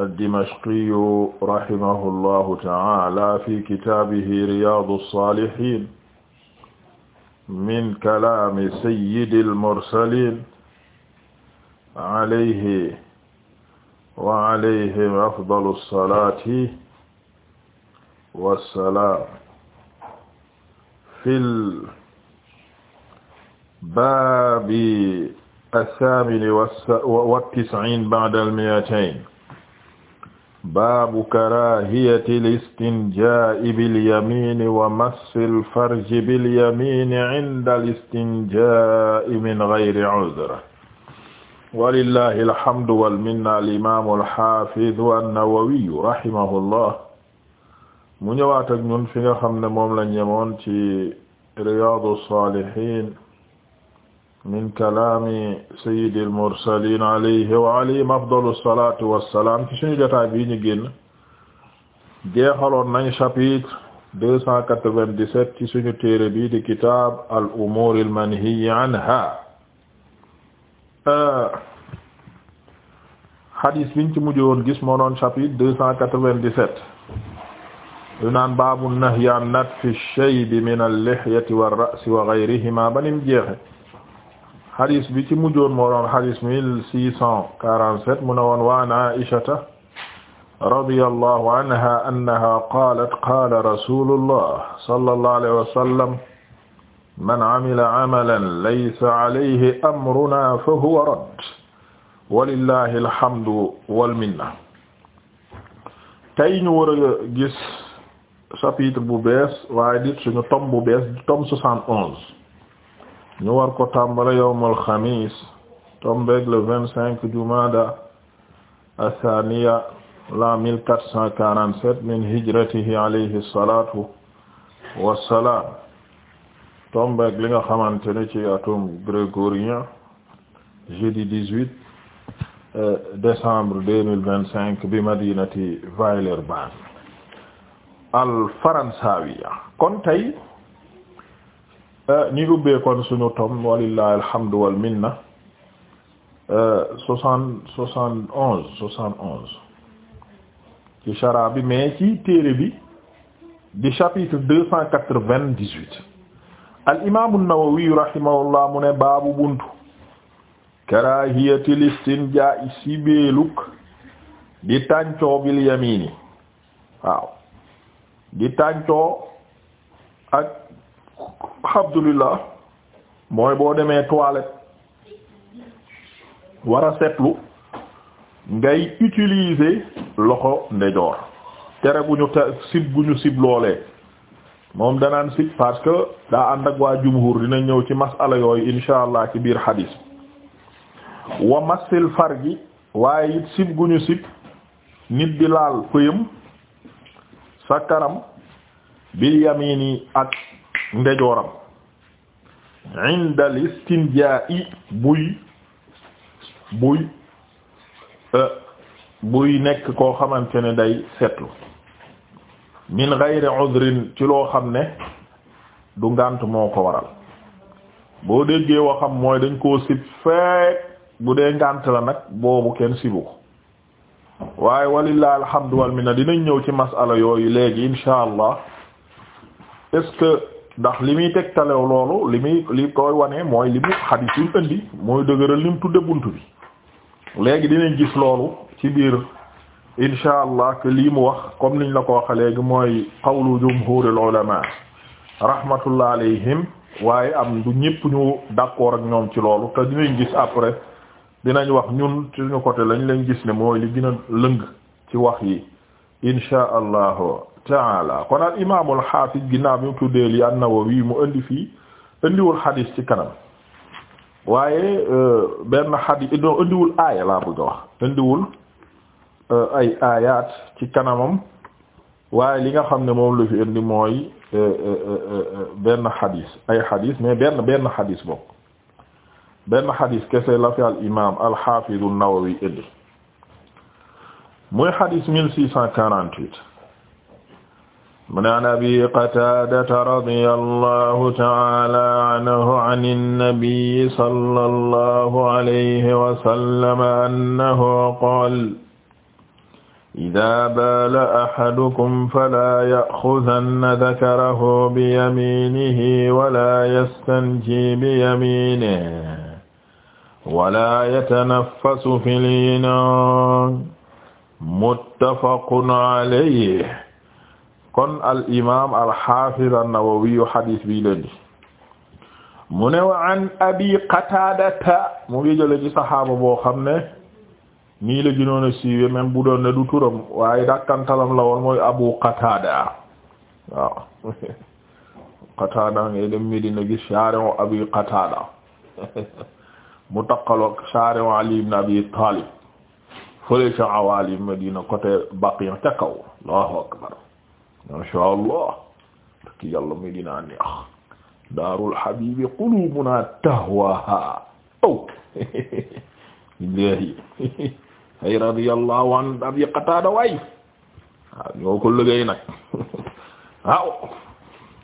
ad-Dimashqiyu rahimahullahu ta'ala fi kitaabihi Riyaadu s-Saalihiin min kalaami sayyidil mursaliin alayhi wa alayhim afdalu s-salaati wa s-salaam fil baabi as-saamini wat-tis'iin ba'da al-mi'atayn baabu karaahiyati listinjaa'i bilyamiini wa massil farji bilyamiini inda listinjaa'i min gayri cudr. walillaahi alhamdu wal minna alimaamu alxaafidu annawawiyyu rahimahullah. mu ñëwaat ak ñun fi nga xam ne moom la ñemoon ci riyaadu saalihiin. min kalaami sayyidil mursaliin alayhi wa alayhim afdalu salaatu wa salaam ci suñu jotaay bii ñu génn jeexaloon nañ chapitre deux cent quatre-vingt-dix-sept ci suñu téere bii di kitaab al umuuril manhiyyi anhaa hadis biñ ci mujj woon gis moo doon chapitre deux cent quatre-vingt-dix-sept yu naan baabu nahyi an natfi shaybi min al-lihyati war-ra'si wa ghayrihima banim jeexe xadis bi ci mujjoon moo doon xadis mille six cent quarante-sept mu ne woon wa an Aïshata radiyallahu anha annaha qaalat qaala rasulullah sallallahu alayhi wa sallam man amila amalan laysa alayhi amruna fa huwa radd walillahi alhamdu wal minna tey ñu war a gis chapitre bu bees waaye dit suñu tome bu bees tome soixante-onze ñu war ko tàmbale yawmul xamiis tombeeg le vingt-cinq jumada athaniya la mille quatre cent quarante-sept min hijratihi alayhi salatu wassalam tombeeg li nga xamante ne ci atum grégorien jeudi dix-huit euh, décembre deux mille vingt-cinq bi madinati Villeurbanne al faransawiya kon Euh, ñi ubbee kon suñu tom walillahi alhamdu wal euh, ci chara mais ci téere bi di chapitre al imaamu Nawawi rahimahullah mu ne baabu buntu karaahiyati listinjaa si beeluk di tàncoo bil yamini waaw di tàncoo ak alhamdulillah mooy boo demee toilette wara a seetlu ngay utiliser loxo ndejoor tere gu ñu sib gu loolee moom danaan sib parce que daa ànd ak waa jumhur dina ñëw ci masala yooyu insha allah ci biir xadiis wa far gi waaye it sib gu ñu sib nit di laal pëyam sa kanam bil yamini ak ndejooram inda al istinjaa'i buy buy euh, buy nekk koo xamante ne day seetlu min ghayri udhrin ci loo xam ne du ngànt moo ko waral boo déggee waxam mooy dañ koo sib fekk bu dee ngànt la nag boobu kenn sibu ko waaye walilah alhamdu wal minna dinañ ñëw ci masala yooyu léegi insha allah est-ce que ndax li muy tegtalew loolu li muy li koy wane mooy li mu xadis yi indi mooy dëgëral li mu tudde bunt bi léegi dinañ gis loolu ci biir insha allah que lii mu wax comme liñ la ko waxe léegi mooy qawlu jumhuril ulama rahmatullah alayhim waaye am du ñëpp ñu d'accord ak ñoom ci loolu te dinañ gis après dinañ wax ñun ci suñu côté lañ lañ gis ne mooy li gën lëng ci wax yi insha allahu taala kon al imaam al xaafis ginnaaw bi mu tuddee li indi fii indiwul xadis ci kanam waaye euh, benn xadis indiwul aaya laa bëgg wax indiwul euh, ay aayaat ci kanamam waaye li nga xam ne moom la fi indi mooy euh, benn xadis ay xadis mais benn benn xadis bokk benn xadis kese la fi al imaam al xaafisu an-Nawawi indi muy xadis mu ne an abi qataadata radiya allahu taala anhu an annabiyi sala allahu alayhi wasallama annahu qaala idaa baala axadukum falaa ya'xuzanna dakarahu biyamiinihi walaa yastanji biyamiinihi walaa yatanaffasu fil inaa muttafaqun alayhi kon al imaam al xaafiz an-Nawawi xadis bii leen di mu ne wa an abi qataadata mu ngi jële ci saxaaba boo xam ne nii la gënoon a siiwee même bu doon ne du waaye dàkkantalam la mooy abu qataada waaw qataada ngay dem Medina gis shaari'u abi qataada mu taqaloog shaari'u Ali ibn Abi Taalib fële ca Medina côté Baqiya ca kaw Allahu akbar masha allah dëkk yàlla muy dinaa neex daarul habibi qulubuna tahwaha aw illahi ay radiyallahu qatada waay waaw ñoo ko liggéey nag waaw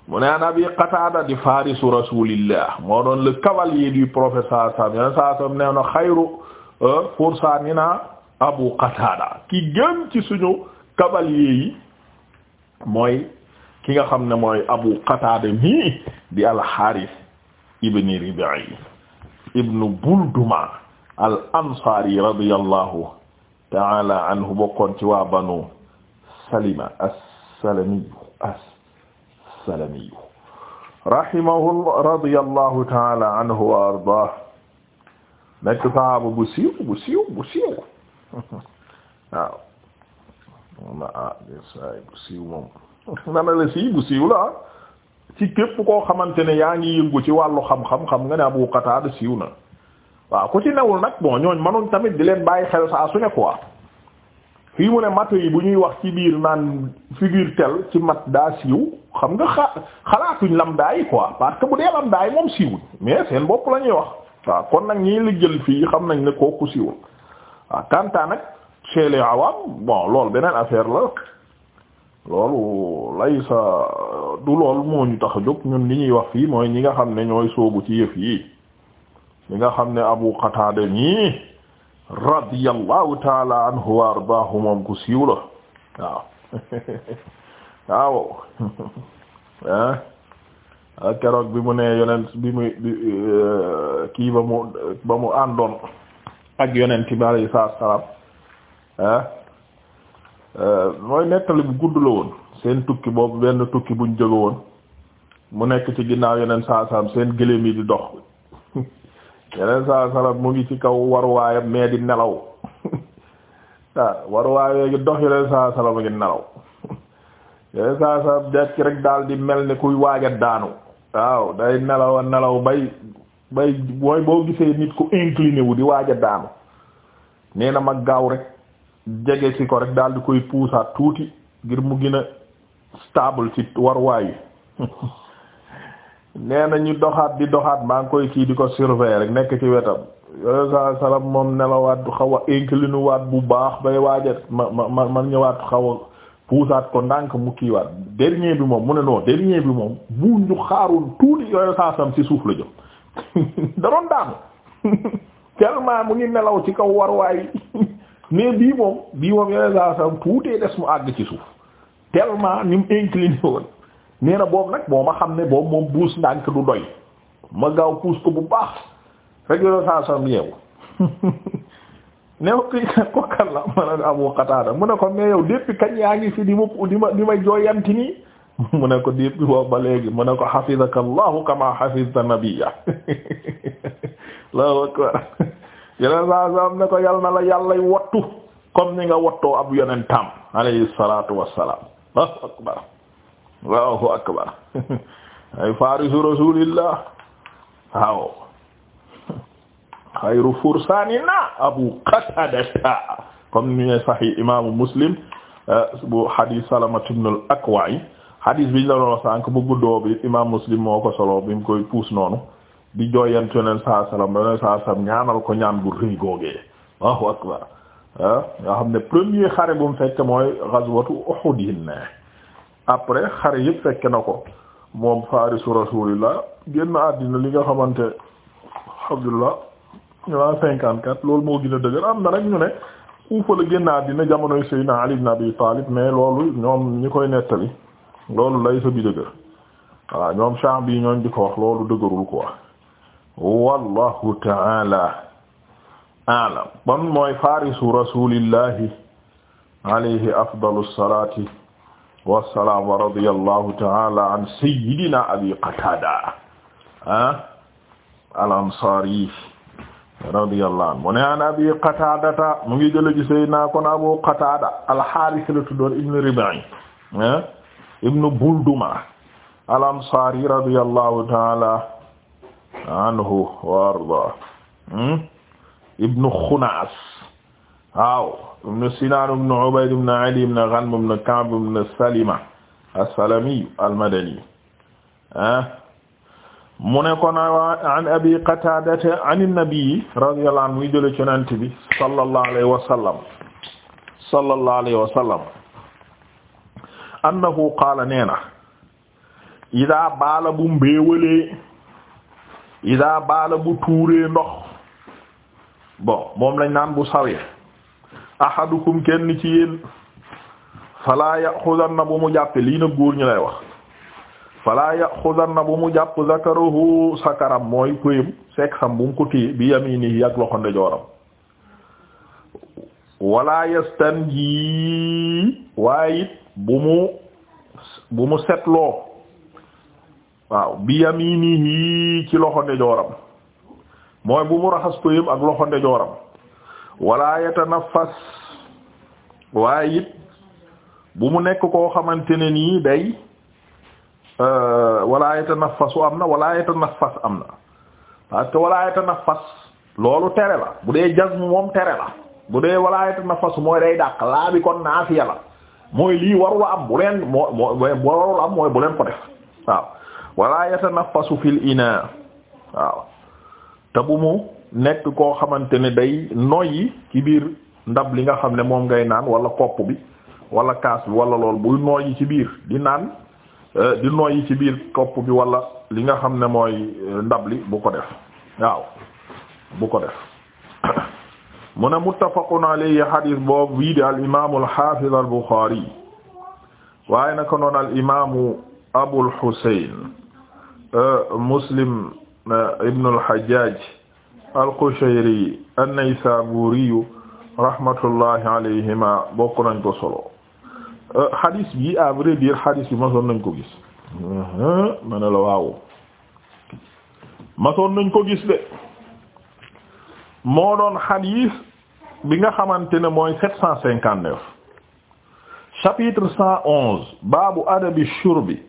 mu ne an qatada di farisu rasulillah moo doon le cavalier du prophète saa sam yoneen saa sam nee na xayru fursanina euh, abu qatada ki gën ci suñu cavalier yi mooy ki nga xam ne mooy abu qatada mi di al harith ibn ribi'i ibn bulduma al ansari radiyallahu ta'ala anhu bokkoon ci waa banu salima as-salamiyu as-salamiyu rahimahullah radiyallahu ta'ala anhu wa ardaah nekk sahaaba bu siiw bu siiw bu siiw waaw moom na ah saay bu siiw moom nana la sii bu siiw la ah ci képp koo xamante ne yaa ngi yëngu ci wàllu xam-xam nga ne Abu Qatada siiw na waaw ku ci newul nag moo ñooñ mënuñ tamit di leen bàyyi xel saa su ne quoi fii mu ne mat yi bu ñuy wax ci biir naan figure tel ci mat daa siiw xam nga xa xalaatuñ lamdaay quoi parce que bu dee lamdaay moom siiwuñ mais seen bopp la wax waaw kon nag ñii li jël fii xam nañ ne kooku siiwul waaw kanta chez les awam bon beneen affaire la loolu lay sa du lool moo ñu tax a jóg ñun li ñuy wax fii mooy ñi nga xam ne ñooy soobu ci yëf yi ñi nga xam ne Abu Qatada mi radiyallahu taala anhu wa moom ku siiw la waaw waaw ah, keroog bi mu ne yonent bi mu eh, kii ba mu ba mu àndoon ak yonent bi alayhi salaam ah euh, mooy nettali bu gudd la woon seen tukki boobu benn tukki buñ jóge woon mu nekk ci ginnaaw yeneen saasaam seen gëléem yi di dox yeneen saasaam mu ngi ci kaw waruwaayam mais di nelaw ah waruwaayee ngi dox yeneen saasaam a ngi nelaw yeneen saasaam jàkk rek daal di mel ni kuy waaja daanu waaw day nelaw a nelaw bay bay mooy boo gisee nit ku incliné wu di waaja daanu nee na mag gaaw rek jege ci ko rek daal di koy puusaat tuuti ngir mu gina a stable ci waruwaay yi nee na ñi doxaat di doxaat maa ngi koy kii di ko surveiller rek nekk ci wetam yooyu saa salam moom nelawaat xaw a incliné waat bu baax bay waaja ma ma ma ñëwaat xawa a puusaat ko ndànk mu kiiwaat dernier bi moom mu ne non dernier bi moom bu ñu xaarul tuuti yooyu saa salam ci suuf la jëm da doon daanu tellement mu ngi nelaw ci kaw waruwaay yi mais bii moom bii moom yeneen saa sam tuutee des mu àgg ci suuf tellement ni mu incliné woon nee boobu nag boo ma xam ne boobu moom buus ndànk du doy ma gaaw puus ko bu baax rek yeneen saa sam yeewu new kii ko kan la ma ne Abu Qatada mu ne ko mais yow depuis kañ yaa ngi fi di ma di ma di ma jooyanti nii mu ne ko depuis boobu ba léegi mu ne ko hafizaka Allahu kama hafizta nabiyya Allahu akbar yeneen saa saam ko yal na la yàllay wattu comme ni nga wattoo ab yonentam alayhi salaatu wassalaam allahu akbar allahu akbar ay farisu rasulillah waaw xayru abu qatadata comme ni ne sahih imaamu muslim eh, bu hadith salamatu ibn al akwa yi hadith biñ la doon wax bu guddoo bi imaam muslim moo ko solo bi mu koy puus noonu di jooyant yoneen saa salaam yoneen saa salaam ñaanal ko ñaan gu rëy googee Allahu akbar ah nga xam ne premier xare bu mu fekk mooy ghazwatu Uhud ne après xare yëpp fekk na ko moom farisu rasulillah génn àddina li nga xamante alhamdulillah ñuwaa cinquante quatre loolu moo gën a dëgër am na rek ñu ne Kufa la génn àddina jamonoy Seydina Ali ibn Abi Talib mais loolu ñoom ñi koy nettali loolu lay sa bi dëgër voilà ñoom champs bi ñoom di ko wax loolu dëgërul quoi wallahu taala a'lam kon mooy farisu rasulillahi alayhi afdalu salati wasalaam wa radiyallahu taala an sayyidina abi qatada ah al ansari radiyallahu anhu mu ne an abi qatadata mu ngi jële ci sayyidina kon abu qatada al harith la tuddoon ibnu rib'i ah ibnu bulduma al ansari radiyallahu taala anhu wa arda hmm? ibnu Xunaas waaw ibnu Sinaan ibnu Ubayd ibnu Ali ibnu Ganm ibnu Ka'b ibnu Salima as-Salami al-Madani ah? mu ne kon an Abi Qataada an an-Nabi radiyallahu anhu muy jële ci Yonent bi sallallahu alayhi wa sallam sallallahu alayhi wa sallam annahu qaala nee na idaa baala bu mbéewalee ida baala bu tuuree ndox bo moom lañ naan bu sawee ahadukum kenn ci yéen fala yaxudanna bu mu jàppe lii na góor ñu lay wax fala yaxudanna bu mu jàpp zakarahu sakaram mooy pëyam seksam bu mu ko téye bi yaminihi ak loxo ndeyjooram wala yastanji waaye it bu mu bu mu setloo waaw bi yaminihi ci loxo ndejooram mooy bu mu raxas pëyam ak loxo ndejooram wala yatanafas waaye it bu mu nekk koo xamante ne nii day euh, wala nafasu am na wala yatanafas am na parce que wala loolu tere la bu dee jazm moom tere la bu dee wala yatanafas mooy day dàq laa bi kon naafiya la mooy lii warula am bu leen moo moo warula am mooy bu leen ko def waaw wala yatanaffasu fil inaa waaw te bu mu nekk koo xamante ne day noyyi ci biir ndab li nga xam ne moom ngay naan walla kopp bi wala kaas bi wala lool buy noyyi ci biir di naan euh, di noyyi ci biir kopp bi walla li nga xam ne mooy euh, ndab li bu ko def waaw bu ko def mu ne muttafaqun alayhi hadith boobu wii di al imaamu al haafiz al buxaari waaye naka noonu al imaamu abul husayn Muslim eh, ibn al-Hajjaj al-Qushayri an-Naysaburi rahmatullahi alayhima bokk nañ ko solo eh, hadis bi à vrai dire hadis bi masoon nañ ko gis eh, ma ne la waaw masoon nañ ko gis de moo doon hadis bi nga xamante ne mooy sept cent cinquante neuf chapitre cent onze baabu adabi shurbi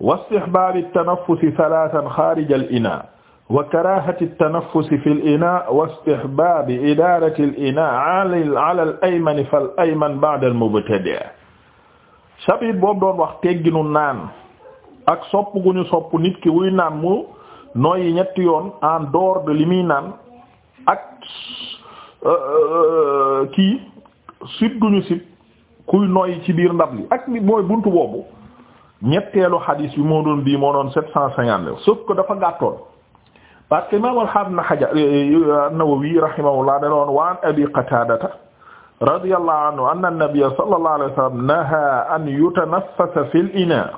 wa istihbaabi tanaffusi salaasan xaarija al-inaa wa karaahati tanaffusi fil inaa wa istihbaabi idaarati al-inaa ala al-ayman fal-ayman ba'da al-mubtadi' chapitre boobu doon wax tegginu naan ak sopp gu ñu sopp nit ki wuy naan mu nooyi ñetti yoon en dehors de li muy naan ak euh, euh, kii sib gu ñu sib kuy nooyi ci biir ndab li ak mooy buntu boobu. ñetteelu xadis bi moo doon bii moo doon sept cent cinquante-neuf sauf que dafa gàttoon parce que imam al-Hafiz na Hajar eh, eh, euh, an-Nawawi rahimahullah danoon wa an Abi Qataadata radiyallahu an an yutanaffasa fi al-inaa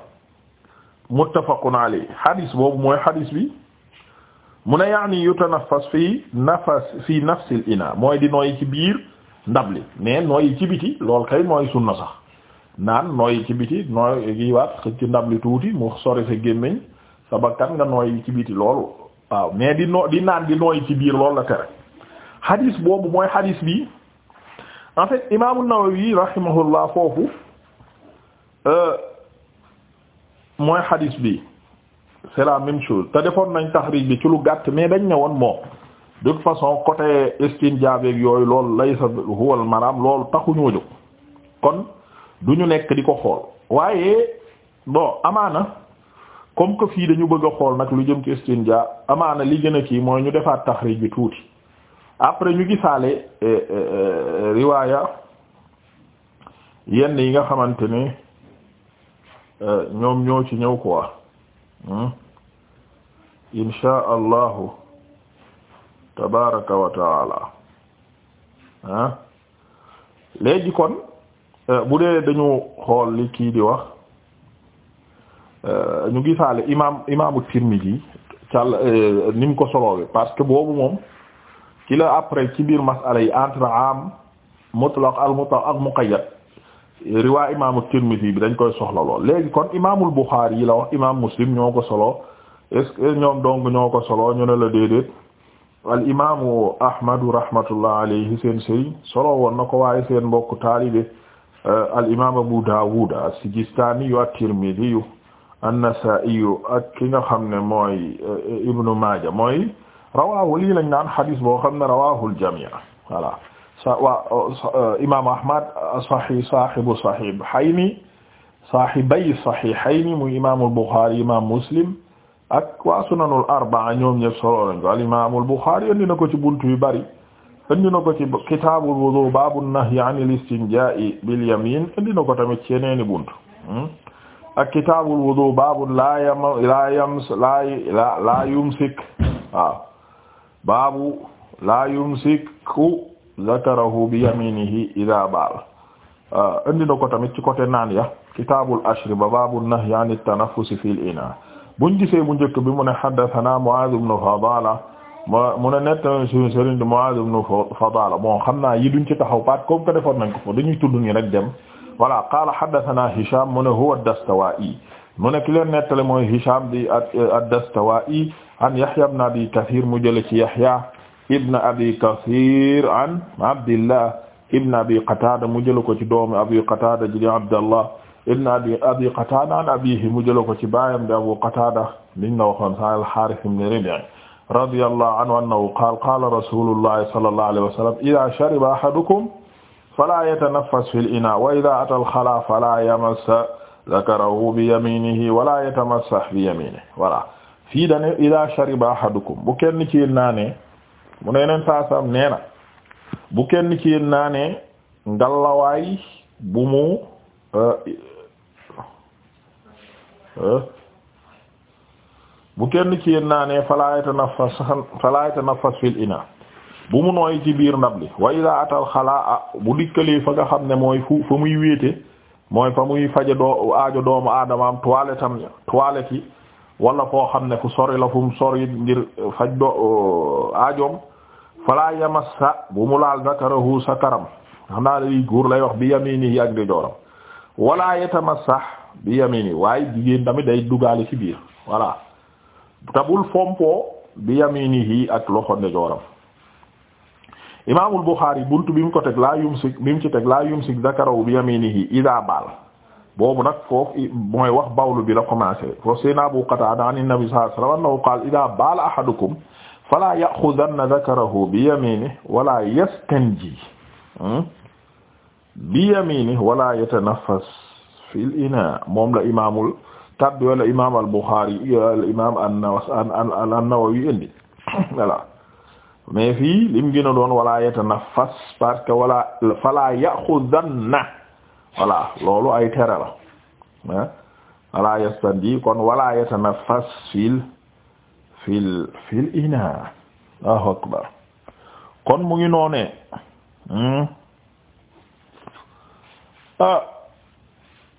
muttafaqun alayhi xadis boobu mooy xadis bi mu ne yaani yutanaffas fii nafas fii nafsil mooy di nooy ci biir ndab li mais nooy ci biti lool kay mooy sunna naan nooy ci biti nooy gi waat ci ndab li tuuti mu sori sa gémmiñ sa bakkan nga nooy ci biti loolu waaw mais di no di naan di nooy ci biir loolu la tere hadis boobu mooy hadis bi en fait imaamu An-Nawawi rahimahullah foofu euh, mooy hadis bi c'est la même chose te nañ nañ taxrij bi ci lu gàtt mais dañ ne woon moom de toute façon côté istinjaabeeg yooyu loolu laysa huwal maram loolu taxuñoo jóg kon du ñu nekk di ko xool waaye bon amaana comme que fii dañu bëgg a xool nag lu jëm ci istinja amaana li gën a kii mooy ñu defaat taxrij bi tuuti après ñu gisaale eh, eh, eh, riwaaya yenn yi nga xamante ne ñoom ñoo ci ñëw quoi hmm? insha allahu tabaraka wa taala léegi kon Euh, bu dee dañu xool li kii di wax euh, ñu ngi gisaale imaam imaamu Tirmidhi càll euh, ni mu ko soloowe parce que boobu moom ci la après ci biir masala yi entre am mutlaq al mutlaq ak muqayyad riwaa imaamu Tirmidhi bi dañ koy soxla lool léegi kon imaamul Bukhari yi la wax imaam Muslim ñoo ko solo est ce ñoom donc ñoo ko solo ñu ne la déedéet al imaamu Ahmadu rahmatullah alayhi seen sëriñ solo woon na ko waaye seen mbokk taalibe Euh, al imaam Abu Dawud as-Sijistani yu at-Tirmidhi yu an-Nasa'i yu ak ki nga xam ne mooy euh, Ibn Maaja mooy rawaahu lii lañ naan xadis boo xam ne rawaahul jamii voilà sa waa euh, imaam Ahmad as-Sahih saahibu sahihayni saahibay sahihayni muy imaamul Bukhari imaam Muslim ak waa sunanul arba'a ñoom ñëpp solo lañ ko al imaamul Bukhari indi na ko ci buntu yu bari. indi na ko ci kitaabul wudu baabu nahyi anil istinjaa'i bil yamin indi na ko tamit ci yeneeni bunt hmm? ak idaa baal indi ah, na ko tamit ci côté naan ya kitaabul ashriba baabu nahyi anit tanaffusi fil bi mu ne haddathana Mu'aaz ibn Fadaala ma mu ne nett suñu sëriñ di Muaaz ibn Fadaala bon xam naa yi duñ ci taxaw paat comme que defoon nañ ko foofu dañuy tudd ñu rek dem voilà qaala haddathanaa Hishaam mu ne huwa ad-Dastawaa'i mu ne ki leen nettale mooy Hishaam di eh, ad-Dastawaa'i an Yahyaa ibn Abi Kathiir mu jële ci Yahyaa ibn Abi Kathiir an Abdillah ibn Abi Qataada mu jële ko ci doomi Abi Qataada ji di Abdallah ibn Abi Abi Qataada an abiihi mu jële ko ci baayam di Abu Qataada liñ la waxoon sa al-Haaris ibn Rib'i radiyallahu anhu annahu qaala qaala rasuulullahi sallallahu alayhi wa sallam idaa shariba ahadukum falaa yatanaffas fil inaa wa idaa atal xalaa falaa yamassa zakarahu bi yaminihi wala yatamassah bi yaminihi voilà fii dane idaa shariba ahadukum bu kenn ci yéen naanee mu ne yeneen saasam nee na bu kenn ci yéen naanee ngallawaay bu mu euh, euh, bu kenn ci yéen naanee falaa yatanaffas falaa yatanaffas fil ina bu mu nooy ci biir ndab li wa ida atal xalaa ah, bu dikkalee fa nga xam ne mooy fu fa muy wéete mooy fa muy faje doo aajo doomu aadamaam toilette am toilette yi wala foo xam ne fu sori la fu mu sori ngir faj doo aajoom falaa yamassa bu mu laal zakarahu sa karam xam naa lay góor lay wax bi yamini ak di jooram wala yatamassa bi yamini waaye jigéen tamit day dugaale ci biir voilà tabul fompoo bi yaminihi ak loxo ndejooram imaamul Buxaari bunt bi mu ko teg laa yumsik bi mu ci teg laa yumsik zakaraw bi yaminihi idaa baal boobu nag foofu mooy wax bawlu bi la commencé foofu seen Abu Qataada an nabi sallallahu alayhi wa sallam annahu qaala idaa baala ahadukum falaa ya'xudanna zakarahu bi yaminihi wala yastanji hmm? bi yaminihi wala yatanaffas fil inaa moom la imaamul kaddu yooyu imaam al Buxaari al imaam an-Nawawi indi voilà mais fii lim gën a doon wala yatanaffas parce fala yaxudanna voilà loolu ay tere la ah wala kon wala yatanaffas fil fil fil kon mu ngi noonee hmm? ah.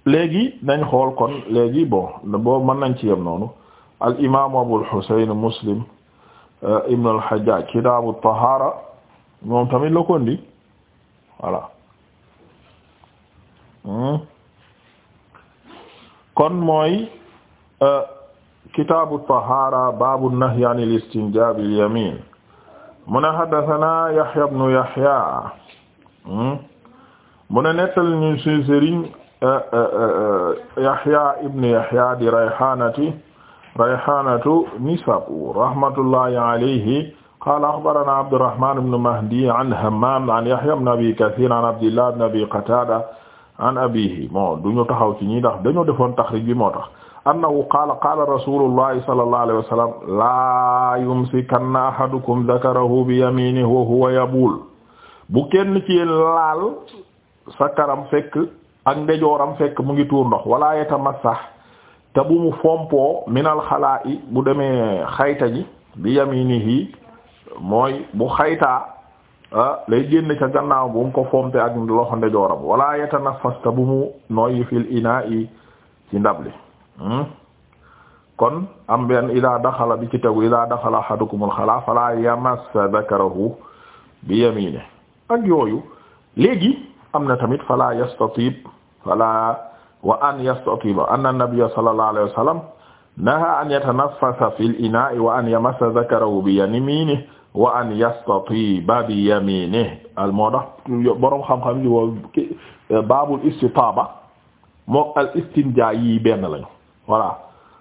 léegi nañ xool kon léegi bo boobu mën nañ ci yem noonu al imaamu abul husayn muslim eh, ibn al hajjaj kitaabu tahaara moom tamit la ko indi voilà hmm. kon mooy eh, kitaabu tahaara baabu nahyi an al istinjaa bil yamin mu ne yahya ibn yahya hmm. mu nettal ñu ci Eh, eh, eh, Yahya ibn Yahya di Rayhanati Rayhanatu Nisapur rahmatullahi alayhi qaala axbarana Abdurrahman ibn Mahdi an Hammam an Yahya ibn Abi Kathir an Abdillah ibn Abi Qatada an abihi bon du ñu taxaw ci ñi ndax dañoo defoon taxrij bi moo tax annahu qaala qaala rasulullahi sallallahu alayhi wa sallam laa yumsikanna ahadukum dhakarahu bi yaminihi wa huwa yabul bu kenn ci laal sa karam fekk ak ndejooram fekk mu ngi tuur ndox wala yatamassah te bu mu fompoo minal xalaa i bu demee xayta ji bi yaminihi mooy bu xaytaa ah, lay génn ca gannaaw bu mu ko fompe ak loxo ndejooram wala yatanafas te bu mu nooyi fil inaa i ci ndab hmm? kon am benn ida daxala bi ci tew ida daxala ahadukumul xalaa fala yamassa zakarahu bi yaminihi ak yooyu léegi am na tamit fala yastatib fala wa an yastatiba anna nabiyya sallallahu alayhi wa sallam naha an yatanaffasa fil ina'i wa an yamassa dhakarahu bi yaminihi wa an yastatiba bi yaminihi al moo boroom xam-xam yi woo eh, baabul istitaaba mook yi benn lañu voilà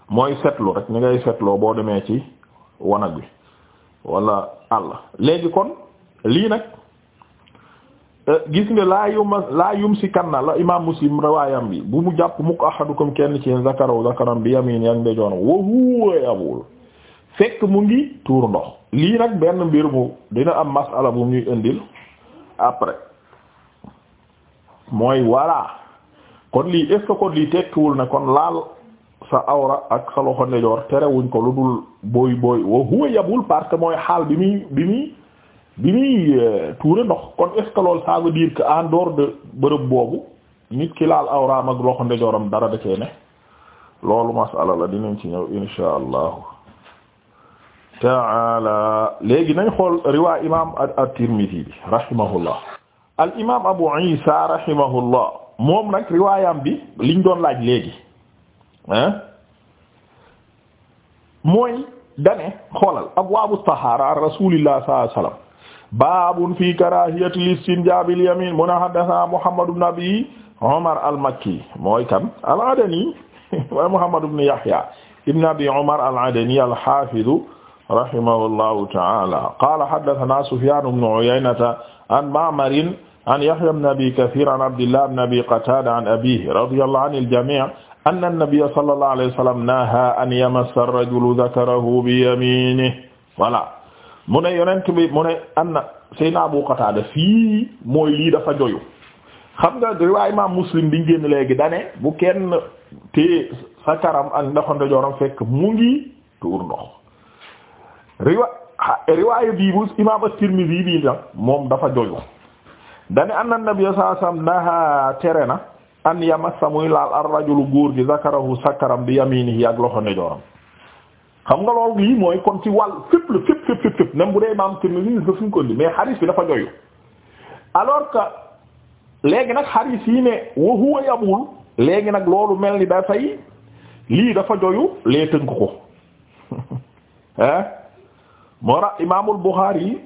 mooy seetlu rek ni ngay seetloo boo demee ci wanag wi wala àll léegi kon lii Euh, gis nga laa yuma laa yum si kan na la imam muslim rawaayam bi bu mu jàpp mukk ahadukum kenn ci zakaraw zakaram bi yamin yan ndeyjoor wa huwa yabul fekk mu ngi tuur ndox lii nag benn mbir mu dina am masala bu ñuy indil après mooy voilà kon lii est ce kon lii tekkiwul ne kon laal sa awra ak sa loxo ndeyjoor terewuñ ko lu dul booy booy wa yabul parce que mooy xaal bi muy bi muy bi muy euh, tuure ndox kon est-ce que loolu ça veut dire de bërëb boobu nit ki laal awraam ak loxo ndejooram dara da cee ne loolu masala la dinañ ci ñëw insha allahu taala léegi nañ xool riwaay imam at-Tirmidhi bi rahimahullah al imam Abu Isa rahimahullah moom nag riwaayam bi liñ doon laaj léegi ah mooy dane xoolal abwaabu tahaara rasulillah sallallahu alayhi wasallam baabun fi karahiyati listinjaa bil yamin mun a haddasa Muhammad ibn Abi Umar al-Makki mooy kan al-Adani wa Muhammad ibn Yahya ibn Abi Umar al-Adani al-Hafiz rahimahullahu ta'ala qala haddathana Sufyan ibn Uyaynata an Ma'mar an Yahya ibn Abi Kathir an Abdillah ibn Abi Qatada an abihi radiyallahu anil jami' anna an-nabiyya sallallahu alayhi wa sallam naha an yamassa ar-rajulu dhakarahu bi yaminihi voilà mu ne yonent bi mu ne anna sayna Abu Qatada fii mooy lii dafa joyu xam nga riwaay imaam Muslim bi ñu génn léegi dane bu kenn te sa karam ak ndaxonte jooram fekk mu ngi tuur ndox riwaayu bii bu imaam at-Tirmidhi bii nag moom dafa joyu dane anna nabi sallallahu alayhi wasallam tere na an yamassa muy laal ar guur gi zakarahu sakaram bi yaminihi ak loxo ndeyjooram xam nga loolu lii mooy kon ci wàll fépp la fépp fépp fépp fépp bu dee maam Tirmidhi ko indi mais xadis bi dafa doyu alors léegi nag xadis yi ne wa huwa léegi nag loolu mel ni dafay lii dafa doyu lee tënk ko ah moo tax imaamul Bukhari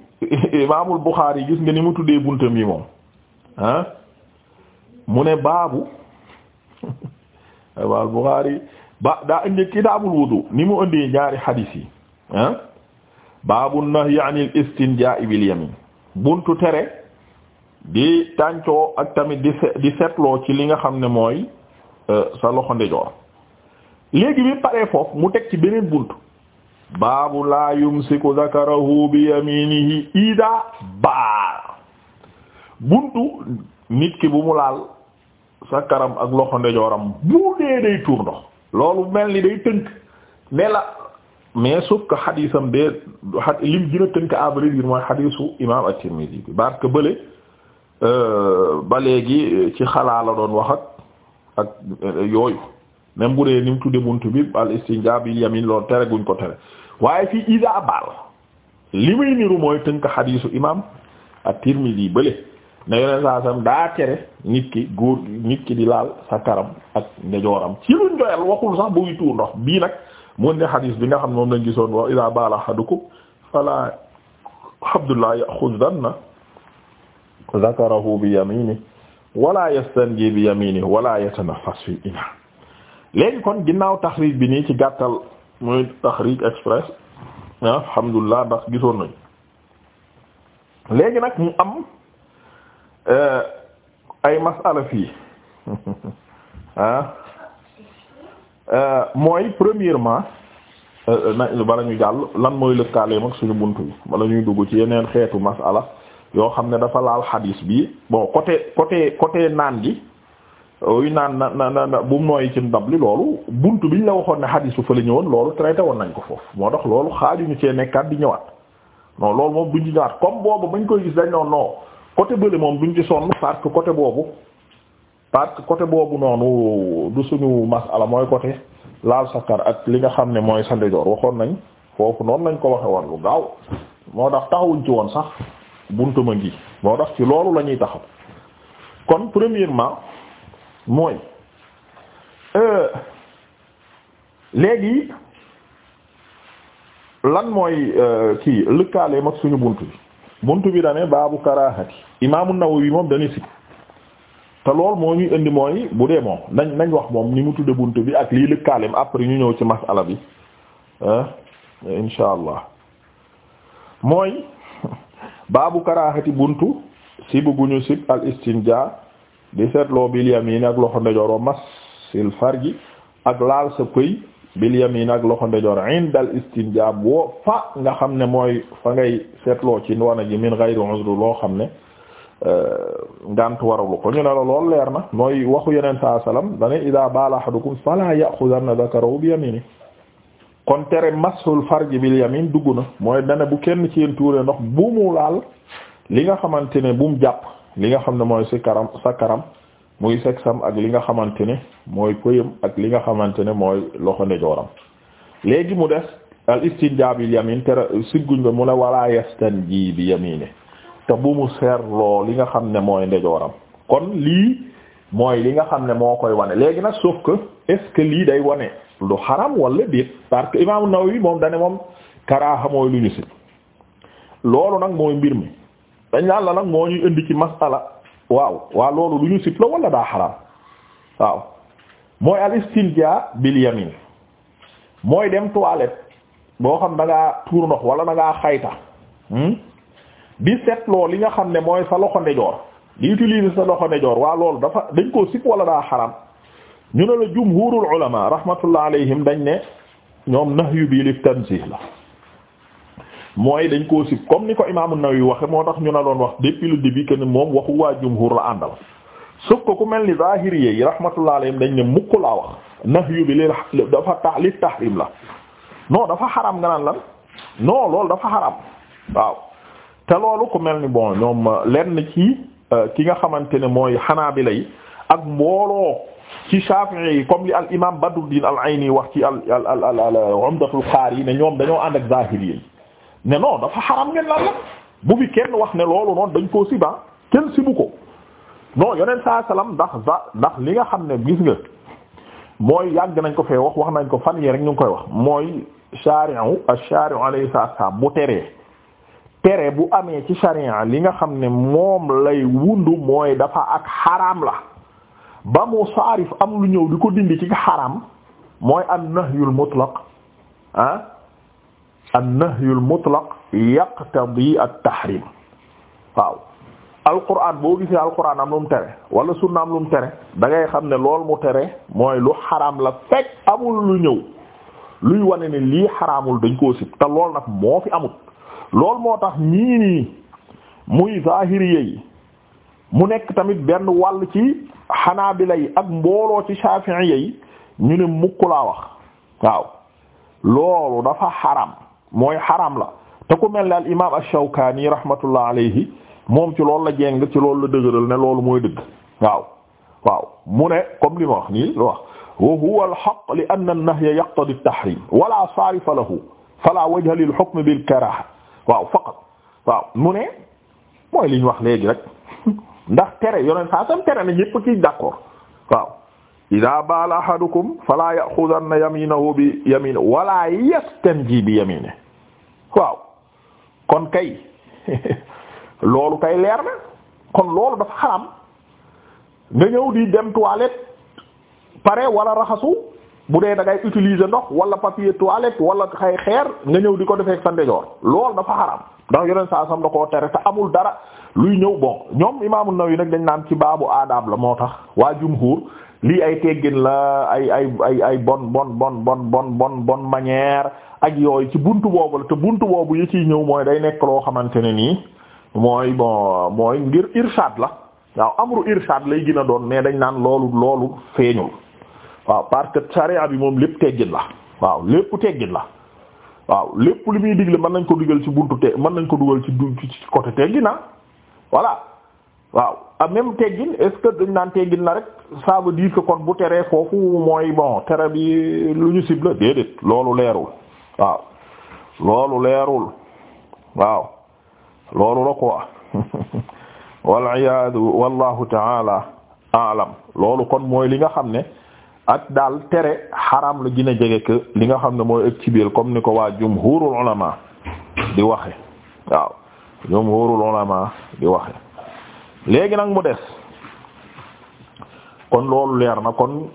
imaamul Bukhari gis nga ni mu tuddee buntam yi moom ah mu ne baabu imaamul Bukhari ba daa indi kitaabul wudu ni mu indi ñaari hadis yi na ah. baabu nahyi anil istinjaa'i bil yamin buntu tere di tàncoo ak tamit di di setloo ci li nga xam ne mooy euh, sa loxo ndijoor léegi bi paree foofu mu teg ci beneen buntu baabu laa yumsiku zakarahu bi yaminihi ida baar buntu nit ki bu mu laal sa karam ak loxo ndijooram bu dee day tuur ndox loolu mel ni day tënk ne la mais sauf que xadisam lim gën tënk à vrai mooy xadisu imam at-Tirmidhi bi baat bële euh, ba léegi euh, ci xalaa la doon wax ak ak euh, yooyu même bu dee ni mu tudde buntu bi al istinja bil yi loolu tere guñ ko tere waaye fii ida baal li muy niru mooy tënk xadisu imam at-Tirmidhi bële ne yoneen saa sam daa tere nit ki góor di laal sa karam ak ndejooram ci luñ doyal waxul sax buy tuur ndox bii nag mu ne xadis bi nga xam moom lañ gisoon wa ida baala ahadukum fala abdullah yaxudanna zakarahu bi yamini wala yastanji bi yamini wala yatanaffas fi ina léegi kon ginnaaw taxrij bi nii ci gàttal muy taxrij express alhamdulillah ndax gisoon nañ léegi nag mu am Eh, ay masala fii ah eh, mooy premièrement eh, na bala ñu jàll lan mooy lëkkaaleem ak suñu bunt bi bala ñuy dugg ci yeneen xeetu masala yoo xam ne dafa laal xadiis bi bon côté côté côté naan gi yu naan na na na bu nooy ci ndab li loolu bunt ñu la waxoon ne xadiis bu fa la ñëwoon loolu traité woon nañ ko foofu moo tax loolu xaajuñu cee nekkaat di ñëwaat non loolu moom duñ ci ñëwaat comme boobu bañ koy gis dañ noonu non côté bële moom duñ ci sonn parce que côté boobu parce que côté boobu noonu du suñu ala mooy côté laal sakar ak li nga xam ne mooy sa ndijoor waxoon nañ foofu noonu lañ ko waxe woon lu gaaw moo tax taxawuñ ci woon sax buntu ma ngi moo tax ci loolu la ñuy taxaw kon premièrement mooy euh, léegi lan mooy euh, kii lëkkaaleem ak suñu bunt bi buntu bi dane baabu karahati imaamu Nawawi moom dana si te lool moo ñuy indi mooy bu dee moom nañ nañ wax moom ni mu tuddee bunt bi ak lii lëkkaaleem après ñu ñëw ci masala bi insha allah mooy baabu karahati buntu sibu bëgguñu ñu sib al istinja di seetloo bil yamin ak loxo ndeyjoor masil farji ak laal sa pëy bil yamin ak loxo ndejoor indal istinja boo fa nga xam ne mooy fa ngay seetloo ci wana ji min ghayri loo xam ne euh, ngant waralu ko ñu ne la lool leer na mooy waxu yeneen saa salaam dane ida baala ahadukum fala ya'khudanna dhakarahu bi yamini kon tere masul farji bil yamin dugg na mooy dane bu kenn ci tuure ndox bu mu laal li nga xamante ne bu mu jàpp li nga xam ne mooy si karam sa karam muy sexam ak li nga xamante ne mooy pëyam ak li nga xamante ne mooy loxo ndijooram léegi mu des al istinjaa bil yamin tera sigguñ ko mu ne wala yastanji bi yamine te bu mu seetloo li nga xam ne mooy ndejooram kon lii mooy li nga xam ne moo koy wane léegi nag sauf que est lii day wane lu xaram wala déet parce que naw yi moom dane moom karaaxa mooy lu ñu si loolu nag mooy mbir mi dañ la nag moo ñuy indi ci masala waaw waa loolu lu ñu sib la wala daa xaraam waaw mooy al istinja bil mooy dem toilette boo xam da ngaa tuur ndox wala da ngaa xayta hmm? di seetloo li nga xam ne mooy sa loxo ndejoor di utiliser sa loxo ndejoor waa loolu dafa dañ koo sib wala daa xaraam ñu ne la jumhurul ulama rahmatullah alayhim dañ ne ñoom nahyu bi li tanzih la mooy dañ koo sib comme ni ko imaam An-Nawawi waxe moo tax ñu na doon wax depuis le début que ne moom waxu waa jumhur la àndal suuf ko ku mel ni zahiriyya yi rahmatullah alayhim dañ ne mukk laa wax nahyu bi li dafa tax li tahrim la non dafa xaram nga naan lan non loolu dafa xaram waaw te loolu ku mel ni bon ñoom lenn ci euh, ki nga xamante ne mooy xanaa bi yi ak mbooloo ci Shafi'i yi comme li al imam Badruddin al-Ayni wax ci al al al al Umdatul Qaari yi ne ñoom dañoo ànd ak yi ne non dafa xaram ngeen lan la bu fi kenn wax ne loolu noonu dañ koo siba kenn sibu ko non yoneen saa salaam ndax ndax li nga xam ne gis nga mooy yàgg nañ ko fee wax wax nañ ko fan yi rek ñu ngi koy wax mooy shari'u ak shariu alayhi salaam bu teree tere bu amee ci sharia li nga xam ne moom lay wundu mooy dafa ak xaraam la ba mu saarif am lu ñëw di ko dindi ci xaram mooy an nahyul mutlaq ah an-nahyul mutlaq yaqtadi at-tahrim waaw alquran boo gisee alquran am lu mu tere wala sunna am lu mu tere da ngay xam ne lool mu tere mooy lu xaraam la fekk amul lu ñëw luy wane ne lii xaraamul dañ koo sib te lool nag moo fi amut lool moo tax ñii muy zahiriya yi mu nekk tamit benn wàll ci xanaabila yi ak mbooloo ci shafi'iyya yi ñu ne mukk laa wax waaw loolu dafa xaraam mooy xaram la te ku mel ne al imaam ash-Shawkaani rahmatullah alayhi moom ci loolu la jeng ci loolu la dëgëral ne loolu mooy dëgg waaw waaw mu ne comme li ma wax nii wax wa huwa al-haqq li anna an-nahya yaqtadi at-tahrim wala saarifa lahu fala wajha lil hukm bil karaha waaw faqat waaw mu ne mooy li ñu wax léegi rek ndax tere yoneen saa sam tere na ñépp ci d'accord waaw ida baala ahadukum fala yaxudanna yaminahu bi yamine wala yastanji bi yamine waaw kon kay loolu kay leer na kon loolu dafa xaram nga ñëw di dem toilette pare wala raxasu bu dee da ngay utiliser ndox wala papier toilette wala xay xeer nga ñëw di ko defee sa ndejoor loolu dafa xaram ndax yeneen saa sam da tere te amul dara luy ñëw bon ñoom imaamu Nawawi nag dañ naan ci baabu aadaab la moo tax waa jumhur lii ay teggin la ay ay ay bon bon bon bon bon bon bon bonne manière ak yooyu ci buntu boobu la te buntu boobu yi ciy ñëw mooy day nekk loo xamante ne nii mooy bon mooy ngir irshad la waaw amru irshad lay gën a doon mais dañ naan loolu loolu feeñul waaw parce que sariya bi moom lépp teggin la waaw lépp teggin la waaw lépp li muy digle mën nañ ko dugal ci buntu te mën nañ ko dugal ci du ci côté teggin na ah. voilà waaw a même teggin est-ce que dañ naan teggin la rek ça veut dire kon bu teree foofu mooy bon tere bi lu ñu ciblé déedéet loolu leerul. waaw loolu leerul waaw loolu la quoi wal iyaadu wallahu taala alam loolu kon mooy li nga xam ne ak daal tere xaram la gën a jege que li nga xam ne mooy ëg ci biir comme ni ko waa jumhurul ulama di waxe waaw jumhurul ulama di waxe léegi nag mu des kon loolu leer na kon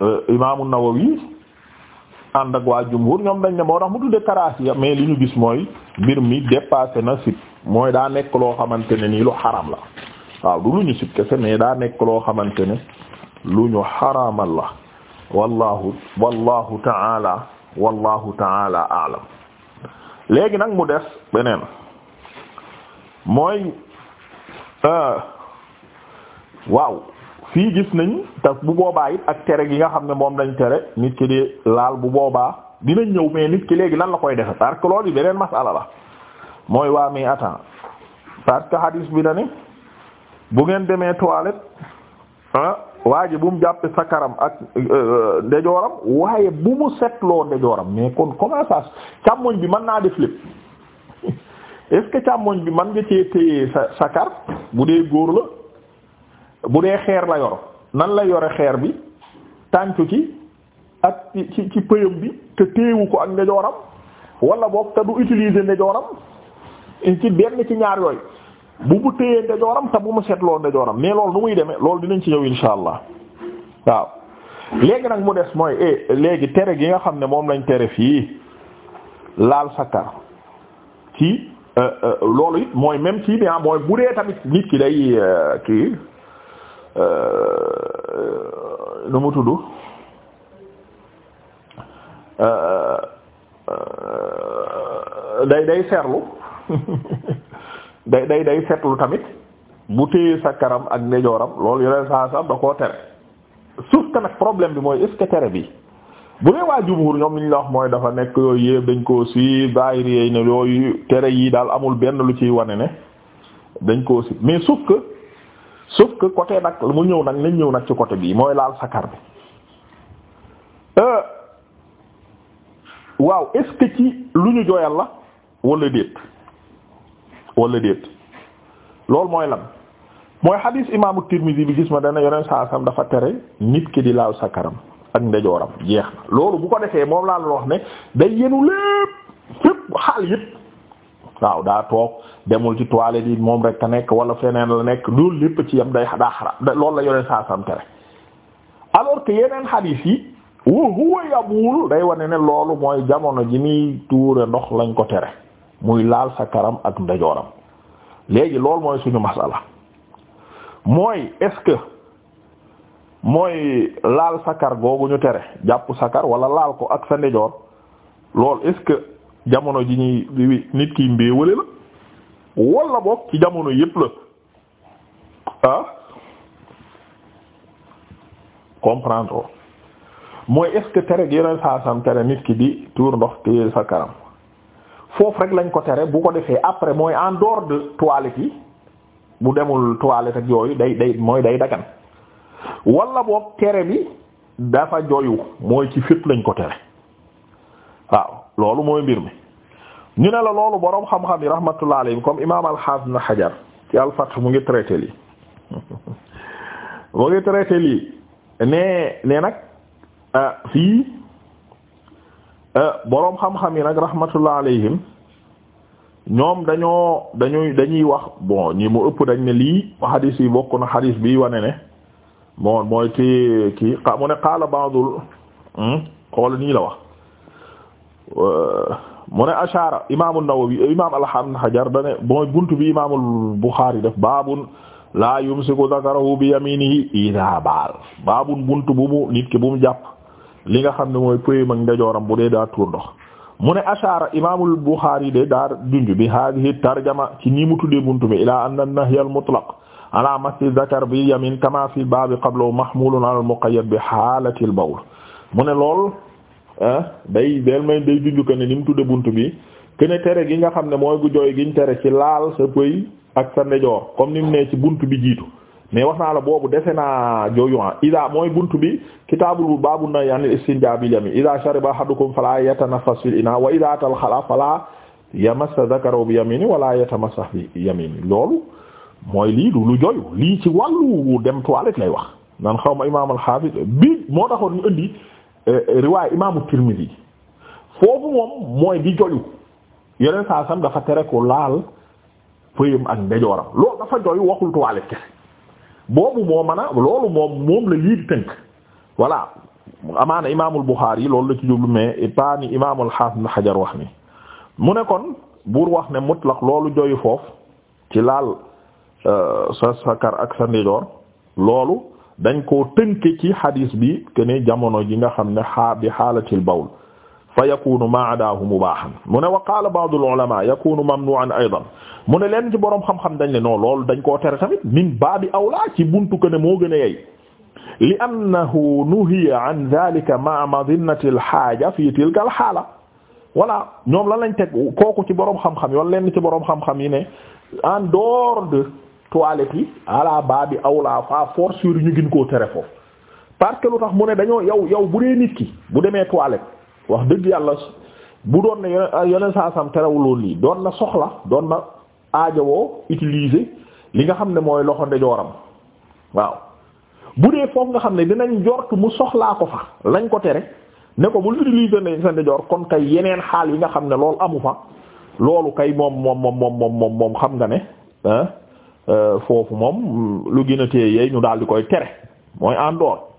euh, imaamu Nawawi ànd ak waa jumhur ñoom dañ ne moo tax mu tudde karaasiya mais li ñu gis mooy mbir mi dépassé na sib mooy daa nekk loo xamante ne nii lu xaram la waaw du lu ñu sib kese mais daa nekk loo xamante ne lu ñu xaramal la wallahu wallahu taala wallahu taala alam léegi nag mu des beneen mooy euh, waaw fii gis nañ te bu boobaa it ak tere gi nga xam ne moom lañ tere nit ki di laal bu boobaa dinañ ñëw mais nit ki léegi lan la koy defe parce que loolu yi beneen masala la mooy waa mi attend parce que hadis bi na ni bu ngeen demee toilette ah waa ji bu mu jàppe sa karam ak euh, ndejooram waaye bu mu setloo ndejooram mais kon comment càmmoñ bi mën naa def lépp est càmmoñ bi mën nga cee téye sa sa bu dee góor la bu dee xeer la yoro nan la yore xeer bi tàncu ci ak ci ci pëyam bi te téewu ko ak ndejooram wala boog te du utiliser ndejooram ci benn ci ñaar yooyu bu bu téyee ndejooram te bu mu seetloo ndejooram mais loolu nu muy demee loolu dinañ ci ñëw insha allah waaw léegi nag mu des mooy eh, léegi tere gi nga xam ne moom lañ tere fii laal sakkar ci euh, euh, loolu it mooy même ci bi ah, mooy bu dee tamit nit ki day euh, kii Euh, nu mu tudd euh, euh, day day seetlu day day day seetlu tamit bu téye sa kanam ak ndeyjooram loolu yeneen saa saa da koo tere sauf que nag problème bi mooy est tere bi bu dee waa jumhur ñoom li la wax mooy dafa nekk yooyu yëpp dañ koo si bàyyi ne yooyu tere yi daal amul benn lu ciy wane ne dañ koo si mais sauf sauf que côté nag mu ñëw nag nañ ñëw nag ci côté bii mooy laal sakar bi euh, waaw est ci lu ñu jooyal la wala déet wala déet loolu mooy lan mooy xadiis imaamu Tirmidhi bi gis ma dana yoneen saasam dafa tere nit ki di laal sakaram ak ndejooram jeex na loolu bu ko defee moom laa la wax ne day yenu lépp fépp xaal yépp waaw daa toog demul ci toilette yi moom rek a nekk wala feneen la nekk loolu lépp ci yam day daa xaram loolu la yoneen saa sam tere alors que yeneen xadiis yi wa huwa yabuul day wane ne loolu mooy jamono ji muy tuure ndox lañ ko tere muy laal sa karam ak ndajooram léegi loolu mooy suñu masala mooy est-ce que mooy laal sakar googu ñu tere jàpp sakar wala laal ko ak sa ndejoor loolu est jamono ji ñuy nit kiy mbéewale la wala boog ci jamono yépp la ah comprendre mooy est-ce que tere gi yeneen saa tere nit ki di tuur ndox téye sa kanam foofu rek lañ ko tere bu ko defee après mooy en door de toilette yi bu demul toilette ak yooyu day day mooy day dagan walla boog tere bi dafa joyu mooy ci fépp lañ ko tere waaw loolu mooy mbir mi. ñu ne la loolu boroom xam-xam yi rahmatullah alayhim comme imaam al-Hafiz Ibn Hajar ci al-Fath mu ngi traité lii mu ngi traité lii ne ne nag euh, fii euh, boroom xam-xam yi nag rahmatullah alayhim ñoom dañoo dañuy dañuy wax bon ñi mu ëpp dañ ne lii xadiis yi bokk na xadiis bi wane ne bon mooy ki kii mu ne qaala ba'dul hmm, xool nii la wax euh, mu ne ashara imaamu Nawawi imaam alhamn hajar dane mooy buntu bi imaamul Buxaari def baabun laa yumsiku zakarahu bi yaminihi idaa baal baabun buntu bu mu nit ki bu mu jàpp li nga xam ne mooy pëyam ak ndejooram bu dee daa tuur ndox mu ne ashara imaamul Buxaari de daa junj bi haadihi tarjama ci nii mu tuddee buntu bi ilaa anna nahyal mutlaq ala masi zakar bi yamin kama fi baabi qablahu mahmulun ala al muqayyad bi haalatil bawl mu ne lool Ah day del may day junj que ne ni mu tudde bunt bi que ne tere gi nga xam ne mooy gu jooy giñ tere ci laal sa pëy ak sa ndejoor comme ni mu ne ci bunt bi jiitu mais wax naa la boobu defe naa joojuwaan ah ida mooy bunt bi kitaabul bu baabu na yani istinjaa bil yamin ida shariba ahadukum fala yatanaffas fil ina wa ida atal xala fala yamassa zakarahu bi yamini wala yatamassa bi yamini loolu mooy lii du lu joyu lii ci wàllu dem toilette lay wax nan xaw ma imaam bi moo taxoon Eh, eh, riwaay imaamu Tirmidhi foofu moom mooy di joyu yeneen saa sam dafa tere ko laal fëyam ak ndejooram loolu dafa joy waxul toilette kese boobu moo mën a loolu moom moom la lii di tënk amaana imaamul Buxaari loolu la ci jublu mais paani imaamul xaas na xajar wax ni mu ne buur wax ne mutlaq loolu joyu foofu ci laal euh, sa sakar ak sa ndejoor loolu dañ ko tënke ci hadis bi que jamono ji nga xam ne xaa bi xaalatil bawl fa yakunu ma adaahu mubaahan mu ne wa qaala ba'du al-ulama yakunu mamnu'an aydan mu ne leen ci boroom xam-xam dañ ne non loolu dañ koo tere tamit min baabi awlaa ci buntu que ne moo gën a yey li annahu nuhiya an dhalika ma'a madinnati al-haaja fi tilka al-haala ñoom lan lañ teg kooku ci borom xam-xam yoon ci boroom xam-xam yi ne en toilette yi ala baa bi awla fa forceur ñu gën koo tere foofu parce que lu tax mu ne dañoo yow yow bu dee nit ki bu demee toilette wax dëgg yàlla bu doon ne yeneen saa sam terewuloon lii doon na soxla doon na aajowoo utiliser li nga xam ne mooy loxo ndeyjooram waaw bu dee foofu nga xam ne dinañ jort mu soxlaa ko fa lañ ko tere ne ko bul utiliser ne sa ndeyjoor kon kay yeneen xaal yi nga xam ne loolu amu fa loolu kay moom moom moom moom moom xam nga ne foofu moom lu gën a ñu daal di koy tere mooy en dehors